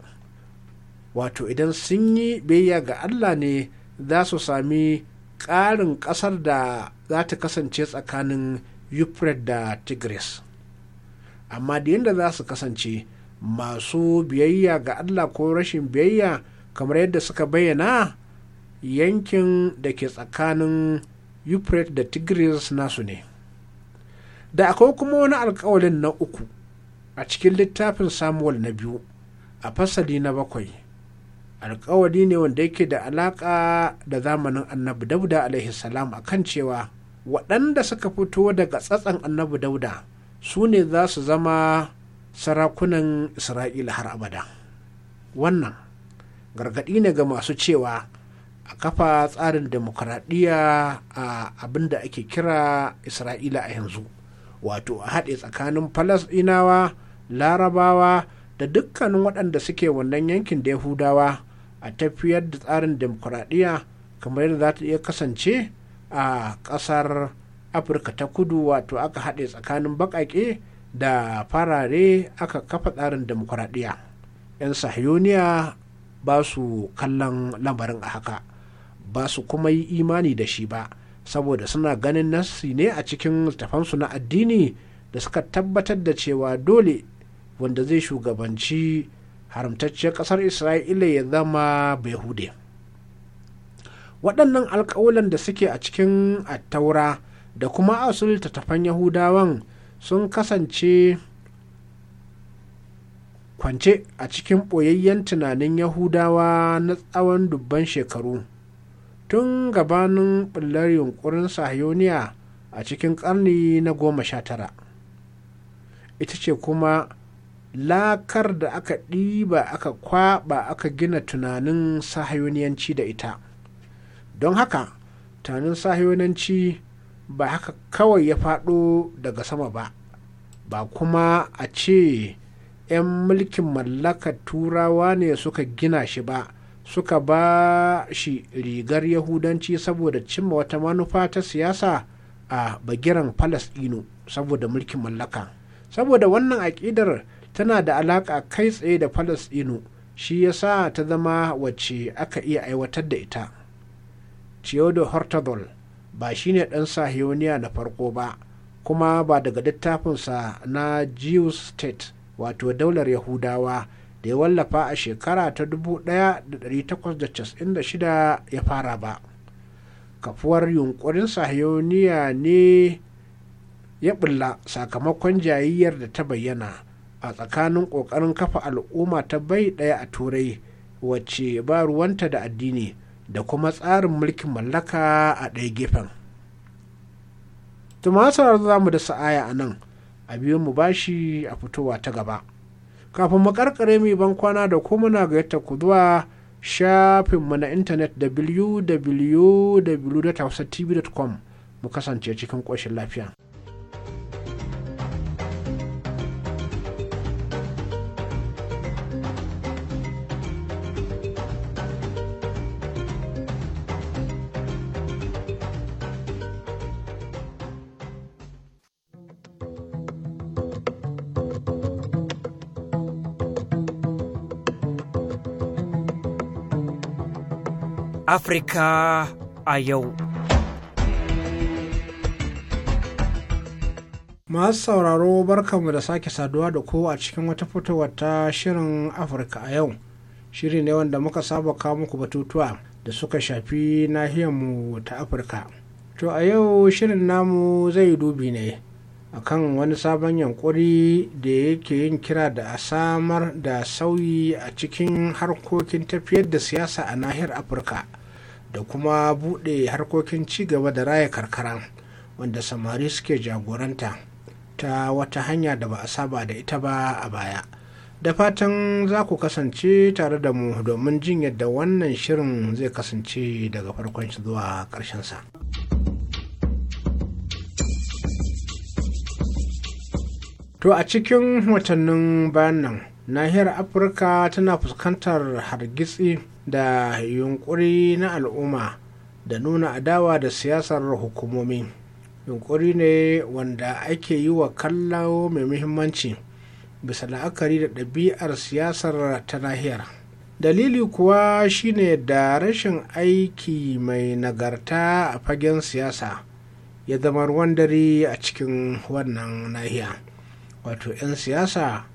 wato idan sun yi biyayya ga allah ne za su sami ƙarin ƙasar da za ta kasance tsakanin euphrates da tigris amma da yadda za su kasance masu biyayya ga allah ko rashin biyayya kamar yadda suka bayyana yankin da ke tsakanin euphrates da tigris nasu ne da akwai kuma wani alkawalin na uku a cikin littafin samuel na biyu a fasali na bakwai alkawari ne wanda yake da alaka da zamanin annabi dauda alaihi salam a kan cewa waɗanda suka fito daga tsatsan annabi dauda su ne za su zama sarakunan isra'ila har abada wannan gargaɗi ne ga masu cewa a kafa tsarin demokuraɗiyya a abin da ake kira isra'ila a yanzu wato a haɗe tsakanin falasɗinawa larabawa da dukkanin waɗanda suke wannan yankin da yahudawa a tafiyar da tsarin demokuraɗiyya kamar yadda za ta iya kasance a ƙasar afirka ta kudu wato aka haɗe tsakanin baƙaƙe da farare aka kafa tsarin demokuraɗiyya 'yan sahiyoniya ba su kallon lamarin a haka ba su kuma yi imani da shi ba saboda suna ganin nasi ne a cikin littafansu na addini da suka tabbatar da cewa dole wanda zai shugabanci haramtacciyar ƙasar isra'ila ya zama behude waɗannan alƙawulan da suke a cikin attaura da kuma asul littattafan yahudawan sun kasance kwance a cikin ɓoyayyen tunanin yahudawa na tsawon dubban shekaru tun gabanin bullar yunkurin sahayoniya a cikin ƙarni na goma sha tara ita ce kuma lakar da aka ɗiba aka kwaɓa aka gina tunanin sahayoniyanci da ita don haka tunanin sahayoniyanci ba haka kawai ya faɗo daga sama ba ba kuma a ce 'yan mulkin mallakar turawa ne suka gina shi ba suka ba shi rigar yahudanci saboda cimma wata manufa ta siyasa a bagiran falasɗinu saboda mulkin mallaka saboda wannan aƙidar tana da alaƙa kai tsaye da falasɗinu shi ya sa ta zama wacce aka iya aiwatar da ita Ciodo hortadol ba shine ɗan sahioniya na farko ba kuma ba daga littafinsa na jew state wato daular yahudawa da ya wallafa a shekara ta 1896 ya fara ba kafuwar yunkurin sahiyoniya ne ya bulla sakamakon jayayyar da ta bayyana a tsakanin ƙoƙarin kafa al'umma ta bai ɗaya a turai wacce ba ruwanta da addini da kuma tsarin mulkin mallaka a ɗaya gefen tumatar za mu da sa'aya a nan a biyu mu bashi a fitowa ta gaba kafin mu karkare mai ban kwana da ku muna yadda ku zuwa shafinmu na intanet www.hausatv.com mu kasance cikin ƙoshin lafiya. Afrika a yau. Masu sauraro barkanmu da sake saduwa da ku a cikin wata fitowar ta shirin Afirka a yau. Shiri ne wanda muka saba kawo muku batutuwa da suka shafi nahiyarmu ta Afirka. To a yau shirin namu zai dubi ne akan wani sabon yankuri da yake yin kira da a samar da sauyi a cikin harkokin tafiyar da siyasa a nahiyar Afirka. da kuma buɗe harkokin ci gaba da raya karkara wanda samari suke jagoranta ta wata hanya da ba a saba da ita ba a baya da fatan za ku kasance tare da mu domin jin yadda wannan shirin zai kasance daga farkon zuwa ƙarshensa. to a cikin watannin bayan nan nahiyar afirka tana fuskantar hargitsi da yunkuri na al'umma da nuna adawa da siyasar hukumomi yunkuri ne wanda ake yi wa kallo mai muhimmanci bisa la'akari da ɗabi'ar siyasar ta nahiyar dalili kuwa shine da rashin aiki mai nagarta a fagen siyasa ya zama ruwan dare a cikin wannan nahiya wato 'yan siyasa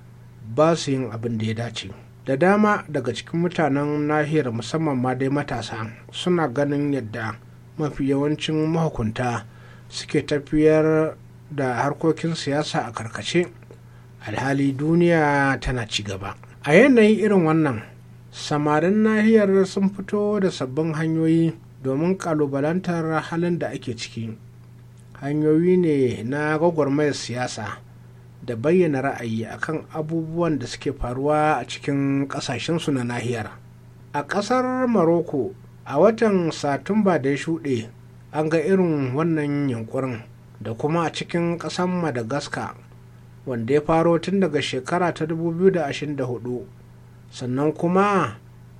ba su yin abin da ya dace da dama daga cikin mutanen nahiyar musamman ma dai matasa suna ganin yadda mafi yawancin mahukunta suke tafiyar da harkokin siyasa a karkace alhali duniya tana ci gaba a yanayin irin wannan samarin nahiyar sun fito da sabbin hanyoyi domin kalubalantar halin da ake ciki hanyoyi ne na gwagwarmayar siyasa da bayyana ra'ayi akan abubuwan da suke faruwa a cikin ƙasashensu na nahiyar a ƙasar maroko a watan satumba da ya shuɗe an ga irin wannan yunkurin da kuma a cikin ƙasar madagascar wanda ya faro tun daga shekara ta 2024 sannan kuma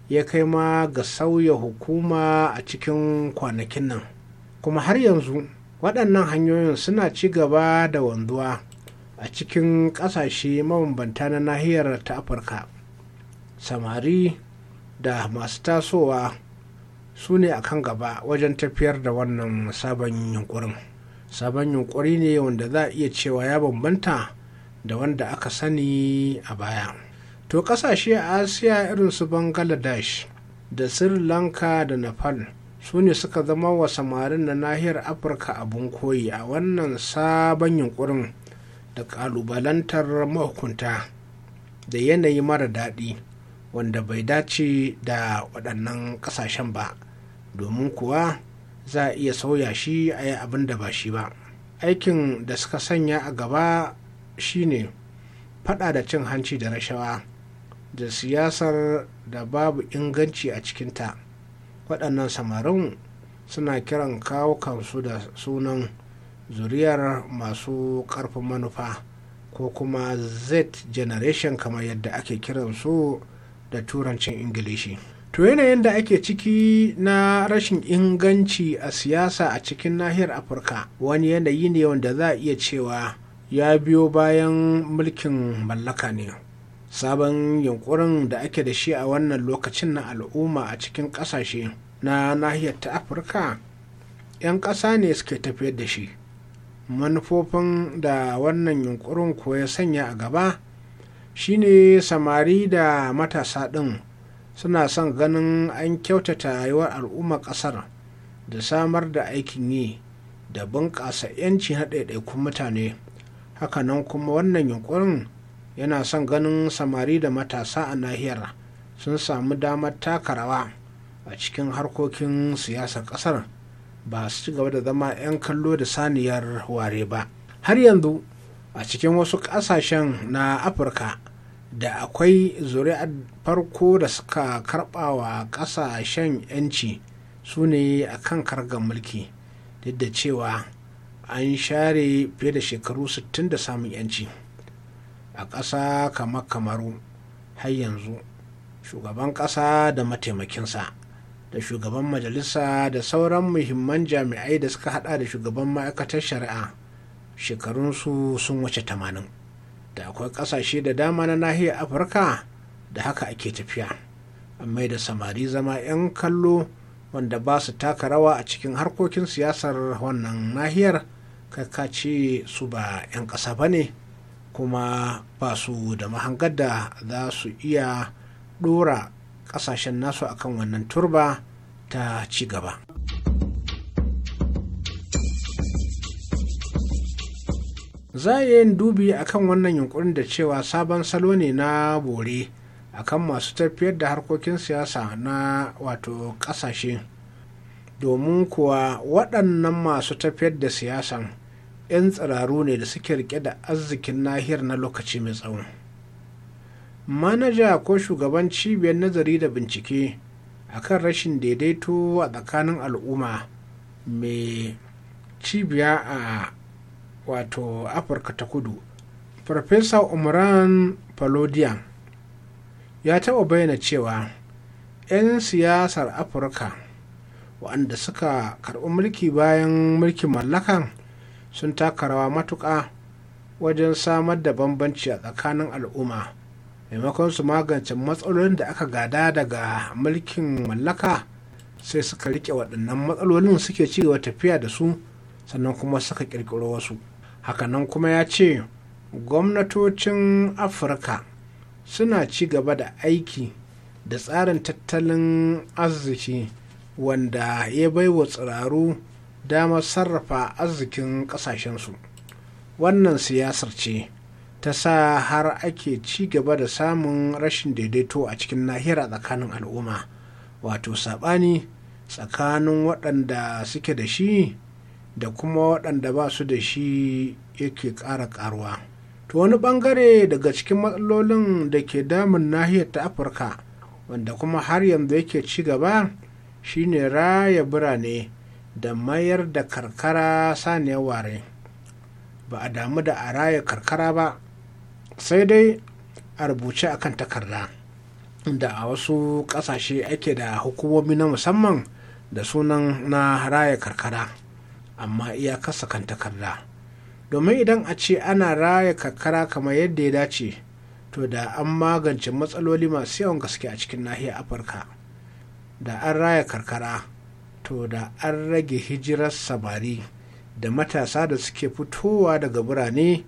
ya kai ma ga sauya hukuma a cikin kwanakin nan kuma har yanzu waɗannan hanyoyin suna ci gaba da wanzuwa a cikin ƙasashe mabambanta na nahiyar ta afirka samari da masu tasowa su ne akan gaba wajen tafiyar da wannan sabon yunkurin sabon yunkuri ne wanda za a iya cewa ya bambanta da wanda aka sani a baya to ƙasashe a asiya irin su bangladesh da sri lanka da nepal su ne suka zama wa samarin na nahiyar afirka abun koyi a wannan sabon yunkurin da ƙalubalantar mahukunta da yanayi mara daɗi wanda bai dace da waɗannan ƙasashen ba domin kuwa za a iya sauya shi a yi abin da ba shi ba aikin da suka sanya a gaba shine faɗa da cin hanci da rashawa da siyasar da babu inganci a cikinta waɗannan samarin suna kiran kawo kansu da sunan zuriyar masu ƙarfin manufa ko kuma z generation kamar yadda ake kiransu da turancin ingilishi to yanayin da ake ciki na rashin inganci a siyasa a cikin nahiyar afirka wani yanayi ne wanda za a iya cewa ya biyo bayan mulkin mallaka ne sabon yunkurin da ake da shi a wannan lokacin na al'umma a cikin ƙasashe na nahiyar ta afirka 'yan ƙasa ne suke tafiyar da shi manufofin da wannan yunkurin ko ya sanya a gaba shine samari da matasa ɗin suna son ganin an kyautata rayuwar al'umma ƙasar da samar da aikin yi da bunƙasa 'yanci na ɗaiɗaikun mutane hakanan kuma wannan yunkurin yana son ganin samari da matasa a nahiyar sun samu damar taka rawa a cikin harkokin siyasar ƙasar ba su ci gaba da zama 'yan kallo da saniyar ware ba har yanzu a cikin wasu ƙasashen na afirka da akwai zuri'ar farko da suka karɓa wa ƙasashen 'yanci su ne a kan kargar mulki duk da cewa an share fiye da shekaru 60 da samun 'yanci a ƙasa kamar kamaru har yanzu shugaban ƙasa da mataimakinsa da shugaban majalisa da sauran muhimman jami'ai da suka hada da shugaban ma'aikatar shari'a shekarunsu sun wuce tamanin da akwai kasashe da dama na nahiyar afirka da haka ake tafiya amma da samari zama 'yan kallo wanda ba su taka rawa a cikin harkokin siyasar wannan nahiyar kakaci su ba 'yan ƙasa ba ne kuma ba su da mahangar da za su iya dora ƙasashen nasu akan wannan turba ta ci gaba. za a yin dubi akan wannan yunkurin da cewa sabon salo ne na bore akan masu tafiyar da harkokin siyasa na wato ƙasashe domin kuwa waɗannan masu tafiyar da siyasan 'yan tsiraru ne da suke rike da arzikin nahiyar na lokaci mai tsawo. manaja ko shugaban cibiyar nazari da bincike akan rashin daidaito a tsakanin al'umma mai cibiya a wato afirka ta kudu farfesa umran falodian ya taɓa bayyana cewa 'yan siyasar afirka waɗanda suka karɓi mulki bayan mulkin mallakan sun taka rawa matuƙa wajen samar da bambanci a tsakanin al'umma maimakon su magance matsalolin da aka gada daga mulkin mallaka sai suka rike waɗannan matsalolin suke ci gaba tafiya da su sannan kuma suka ƙirƙiro wasu hakanan kuma ya ce gwamnatocin afirka suna ci gaba da aiki da tsarin tattalin arziki wanda ya bai wa tsiraru damar sarrafa arzikin ƙasashensu wannan siyasar ce ta sa har ake ci gaba da samun rashin daidaito a cikin nahiyar a tsakanin al'umma wato saɓani tsakanin waɗanda suke da shi da kuma waɗanda ba su da shi yake ƙara ƙaruwa to wani ɓangare daga cikin matsalolin da ke damun nahiyar ta afirka wanda kuma har yanzu yake ci gaba shine raya birane da mayar da karkara saniya ware ba a damu da a raya karkara ba sai dai a rubuce a kan takarda da a wasu ƙasashe ake da hukumomi na musamman da sunan na raya karkara amma iya kasa kan takarda domin idan a ce ana raya karkara kamar yadda ya dace to da an magance matsaloli masu yawan gaske a cikin nahiyar afirka da an raya karkara to da an rage hijirar samari da matasa da suke fitowa daga birane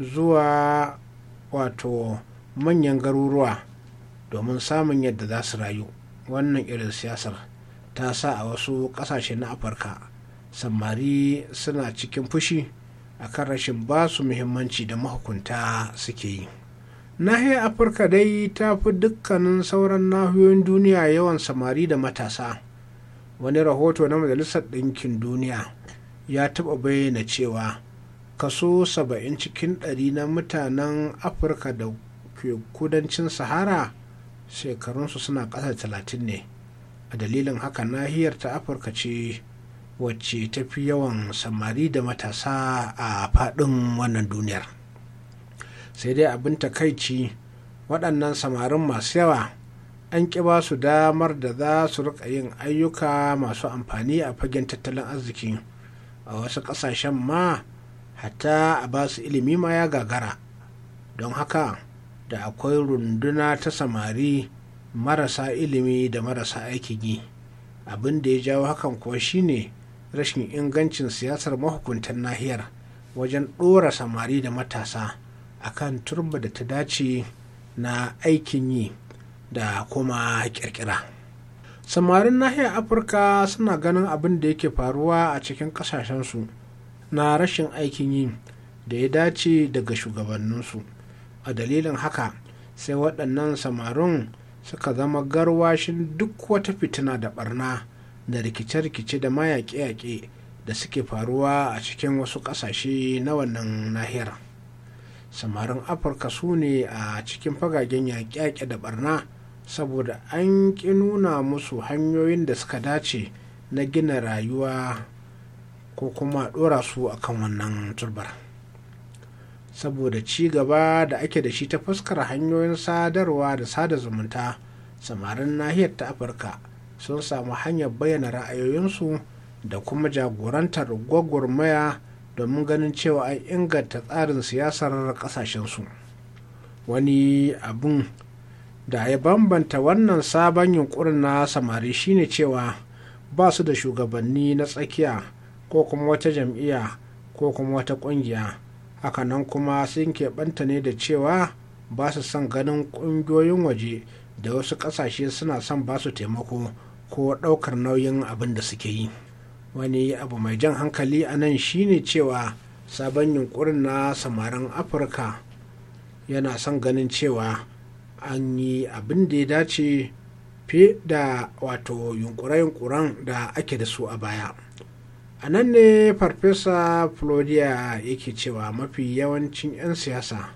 zuwa wato manyan garuruwa domin samun yadda za su rayu wannan irin siyasar ta sa a wasu ƙasashe na afirka samari suna cikin fushi a kan rashin ba su muhimmanci da mahukunta suke yi nahiyar afirka dai ta fi dukkanin sauran nahiyoyin duniya yawan samari da matasa wani rahoto na majalisar ɗinkin duniya ya taɓa bayyana cewa kaso 70 cikin ɗari na mutanen afirka da ke kudancin sahara shekarunsu suna ƙasa 30 ne a dalilin haka nahiyar ta afirka ce wacce ta fi yawan samari da matasa a faɗin wannan duniyar sai dai abin takaici waɗannan samarin masu yawa an ƙi ba su damar da za su riƙa yin ayyuka masu amfani a fagen tattalin arziki a wasu ƙasashen ma hatta a ba su ilimi ma ya gagara don haka da akwai runduna ta samari marasa ilimi da marasa aikin yi abin da ya jawo hakan kuwa shine rashin ingancin siyasar mahukuntan nahiyar wajen ɗora samari da matasa akan turba da ta dace na aikin yi da kuma kirkira samarin nahiyar afirka suna ganin abin da yake faruwa a cikin ƙasashensu na rashin aikin yi da ya dace daga shugabanninsu a dalilin haka sai waɗannan samarin suka zama garwashin duk wata fitina da barna da rikice-rikice da mayaƙe-yaƙe da suke faruwa a cikin wasu ƙasashe na wannan nahiyar samarin afirka su ne a cikin fagagen yaƙe-yaƙe da barna saboda an ƙi nuna musu hanyoyin da suka dace na gina rayuwa ko kuma ɗora su a kan wannan turbar saboda ci gaba da ake da shi ta fuskar hanyoyin sadarwa da sada zumunta samarin nahiyar ta afirka sun samu hanyar bayyana ra'ayoyinsu da kuma jagorantar gwagwarmaya domin ganin cewa an inganta tsarin siyasar kasashensu wani abin da ya bambanta wannan sabon yunkurin na samari shine cewa ba su da shugabanni na tsakiya ko kuma wata jam'iyya ko kuma wata ƙungiya hakanan kuma sun keɓanta ne da cewa ba su son ganin ƙungiyoyin waje da wasu ƙasashe suna son ba su taimako ko ɗaukar nauyin abin da suke yi wani abu mai jan hankali a nan shine cewa sabon yunkurin na samarin afirka yana son ganin cewa an yi abin da ya dace fi da wato yunkure-yunkuren da ake da su a baya a nan ne farfesa florida yake cewa mafi yawancin 'yan siyasa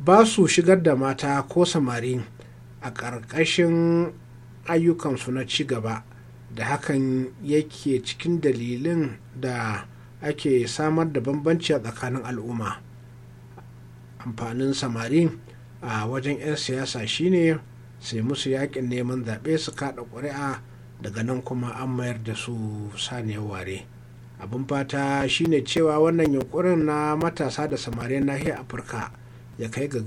ba su shigar da mata ko samari a ƙarƙashin ayyukansu na ci gaba da hakan yake cikin dalilin da ake samar da bambanci a tsakanin al'umma amfanin samari a wajen 'yan siyasa shine sai musu yakin neman zaɓe su kaɗa ƙuri'a daga nan kuma an mayar da su saniyar ware abin fata shine cewa wannan yunkurin na matasa da samarin nahiyar afirka ya kai ga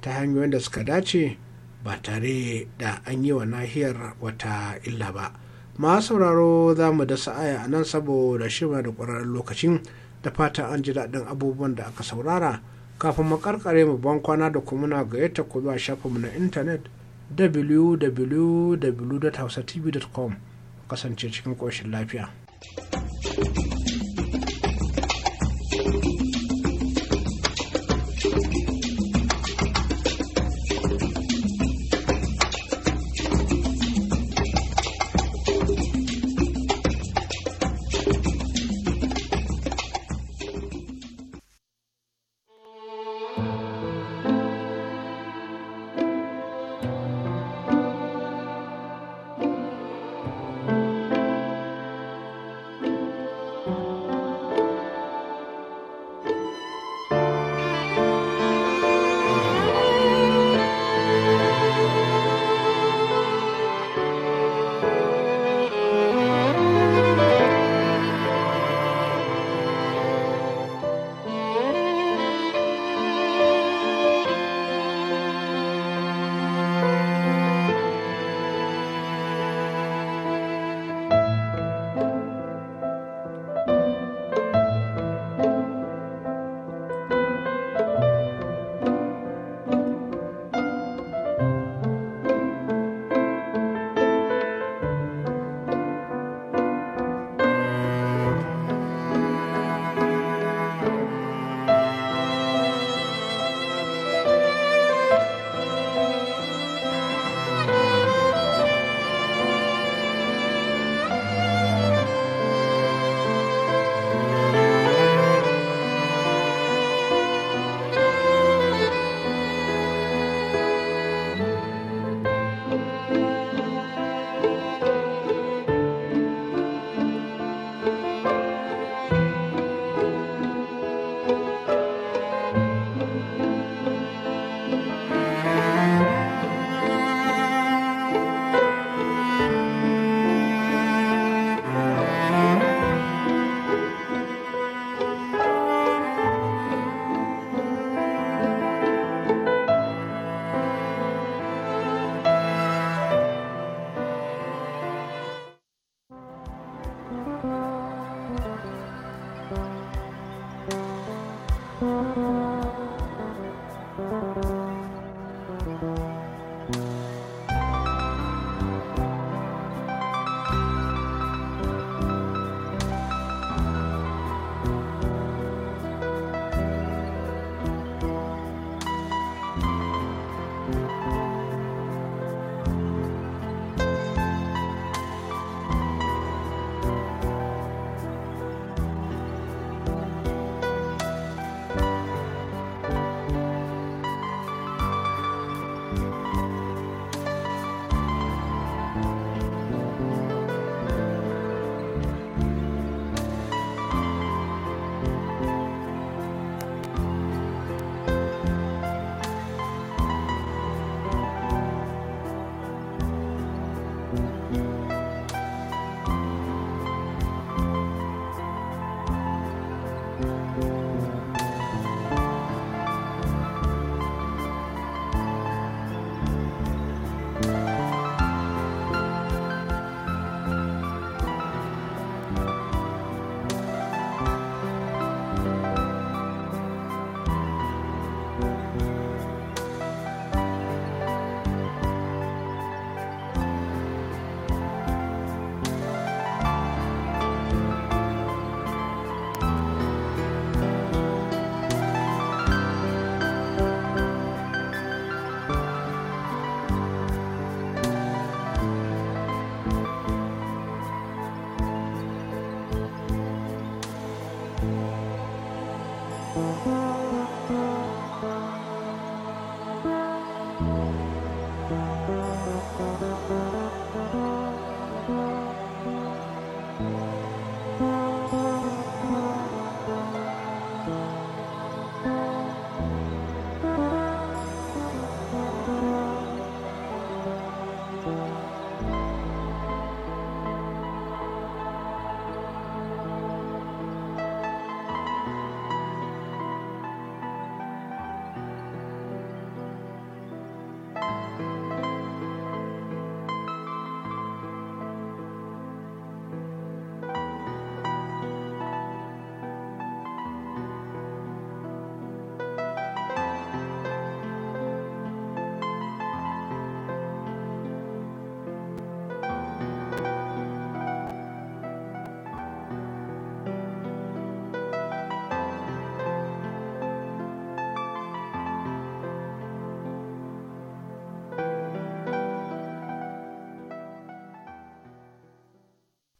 ta hanyoyin da suka dace ba tare da an yi wa nahiyar wata illa ba ma sauraro za mu da sa'aya a nan saboda shirma da ƙwararren lokacin da fatan an ji daɗin abubuwan da aka saurara kafin mu karkare mu ban kwana da kuma na gayyata ku zuwa shafinmu na intanet www.hausatv.com kasance cikin ƙoshin lafiya.